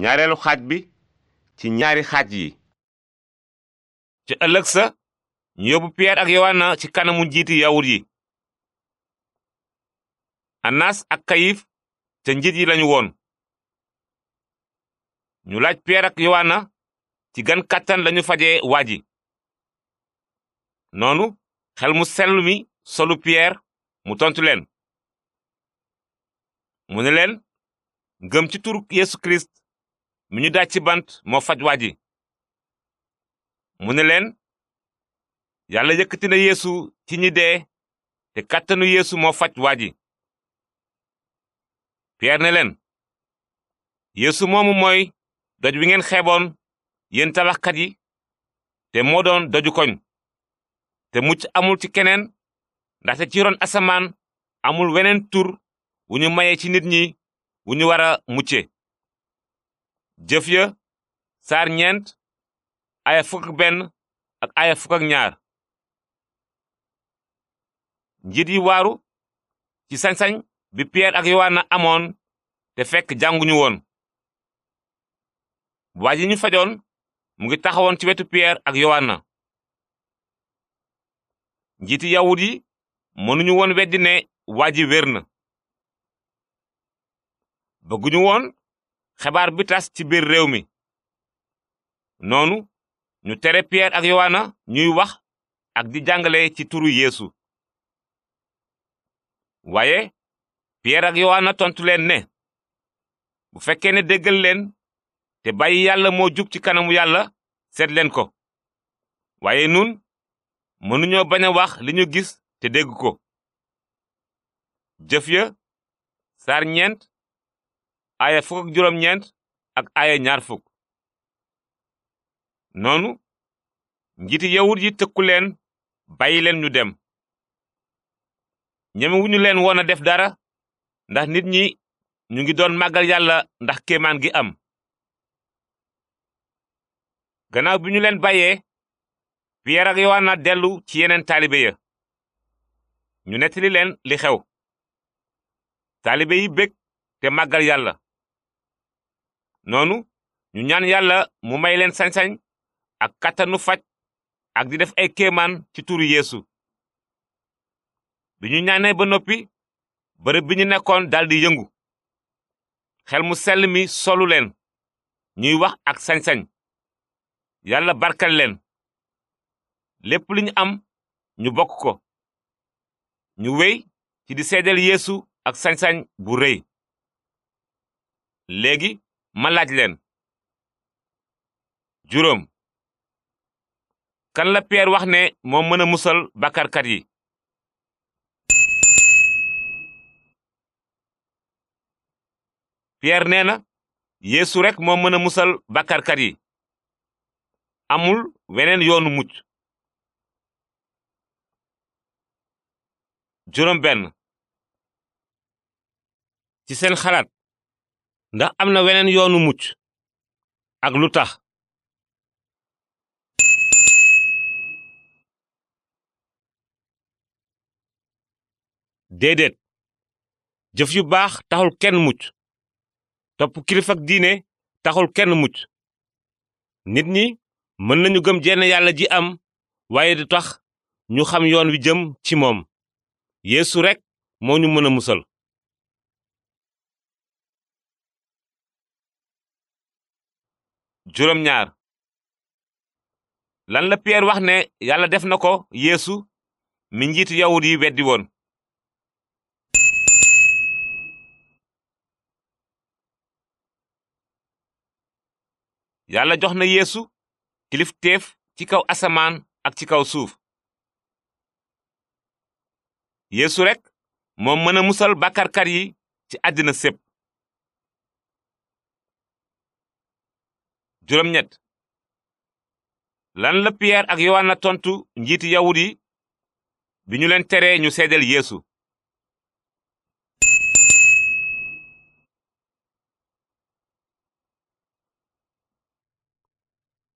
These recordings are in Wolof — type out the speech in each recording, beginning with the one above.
ñaareelu xaaj bi ci ñaari xaaj yi ci ëllëg sa ñu yóbbu piyeer ak yowaana ci kanamu njiiti yawut yi anaas ak kayif ca njiit yi lañu woon ñu laaj piyeer ak yowaana ci gan kàttan lañu faje waa ji noonu xel mu sell mi solu piyeer mu tontu leen mu ne leen ngëm ci turu yesu kirist mu ñu daaj ci bant moo faj waa ji mu ne leen yàlla yëkkati na yeesu ci ñi dee te kàttanu yéesu moo faj waa ji Pierre ne leen yeesu moomu mooy doj wi ngeen xeeboon yéen tabaxkat yi te moo doon doju koñ te mucc amul ci keneen ndaxte ci asamaan amul weneen tur wu ñu maye ci nit ñi wu ñu war a mucce jëf ya saar ñeent aya fukk ak benn aya fukk ak ñaar njiit yi waaru ci sañ-sañ bi Pierre ak Yowaana amoon te fekk jànguñu woon waa ji ñu fajoon mu ngi taxawoon ci wetu Pierre ak Yowaana njiit yawut yi mënuñu woon weddi ne waa ji xebaar bi tas ci biir réew mi noonu ñu tere Pierre ak Yowaana ñuy wax ak di jàngale ci turu yéesu waaye Pierre ak Yowaana tontu leen ne bu fekkee ne déggal leen te bàyyi yàlla moo jub ci kanamu yàlla seet leen ko waaye nun mënuñoo bañ a wax li ñu gis te dégg ko jëf ya saar ñeent aaya fukk ak juróom-ñeent ak aaya ñaar fukk noonu njiiti yawut yi tëkku leen bàyyi leen ñu dem ñemewuñu leen woon def dara ndax nit ñi ñu ngi doon màggal yàlla ndax kéemaan gi am gannaaw bi ñu leen bàyyee Piyeer ak Yowaana dellu ci yeneen taalibe ya ñu nettali leen li xew taalibe yi bég te màggal yàlla noonu ñu ñaan yàlla mu may leen sañ-sañ ak kàttanu faj ak di def ay kéemaan ci turu yéesu bi ñu ñaanee ba noppi bërëb bi ñu nekkoon daldi yëngu xel mu sell mi solu ñuy wax ak sañ yàlla barkal leen lépp li ñu am ñu bokk ko ñu wéy ci di seedeel yéesu ak sañ bu rëy léegi ma laaj leen juróom kan la Pierre wax ne moo mën a musal bakkarkat yi Pierre nee na Yeesu rek moo mën a musal bakkarkat yi amul weneen yoonu mucc juróom benn ci seen xalaat ndax am na weneen yoonu mucc ak lu tax déedéet jëf yu baax taxul kenn mucc topp kilifa ak diine taxul kenn mucc nit ñi mën nañu gëm jenn yàlla ji am waaye du tax ñu xam yoon wi jëm ci moom yéesu rek moo ñu mën a musal juróom ñaar lan la Pierre wax ne yàlla def na ko yéesu mi njiitu yawut yi weddi woon. yàlla jox na Yeesu kilifteef ci kaw asamaan ak ci kaw suuf. yéesu rek moom mën a musal bàkkaarkat yi ci àddina sépp juróom lan la ak yowaana tontu njiiti yawut yi bi ñu leen teree ñu seedeel yeesu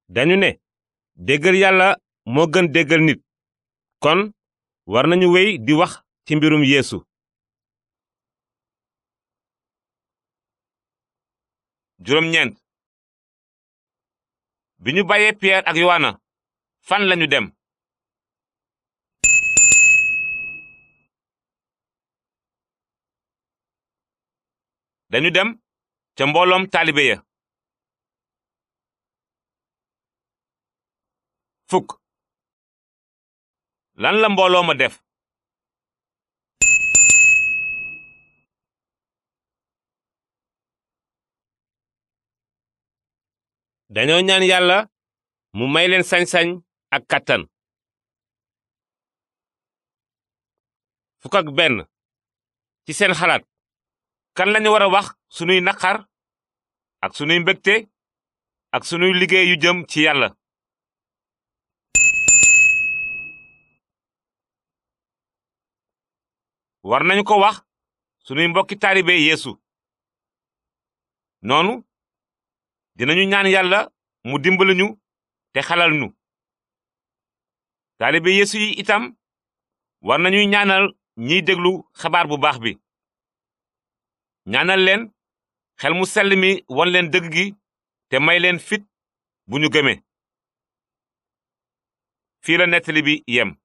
dañu ne déggal yàlla moo gën déggal nit kon war nañu wéy di wax ci mbirum yéesu juróom bi ñu bayee Pierre ak Yowaana fan lañu dem. dañu dem ca mbooloom taalibe ya. fukk lan la mboolooma def. dañoo ñaan yàlla mu may leen sañ-sañ ak kàttan fukk ak benn ci seen xalaat kan lañu war a wax sunuy naqar ak sunuy mbégte ak sunuy liggéey yu jëm ci yàlla war nañu ko wax sunuy mbokki taalibe yéesu noonu dinañu ñaan yàlla mu dimbali ñu te xalal ñu taalibe yeesu yi itam war nañuy ñaanal ñiy déglu xabaar bu baax bi ñaanal leen xel mu sell mi won leen dëgg gi te may leen fit bu ñu gëmee fii la nettali bi yem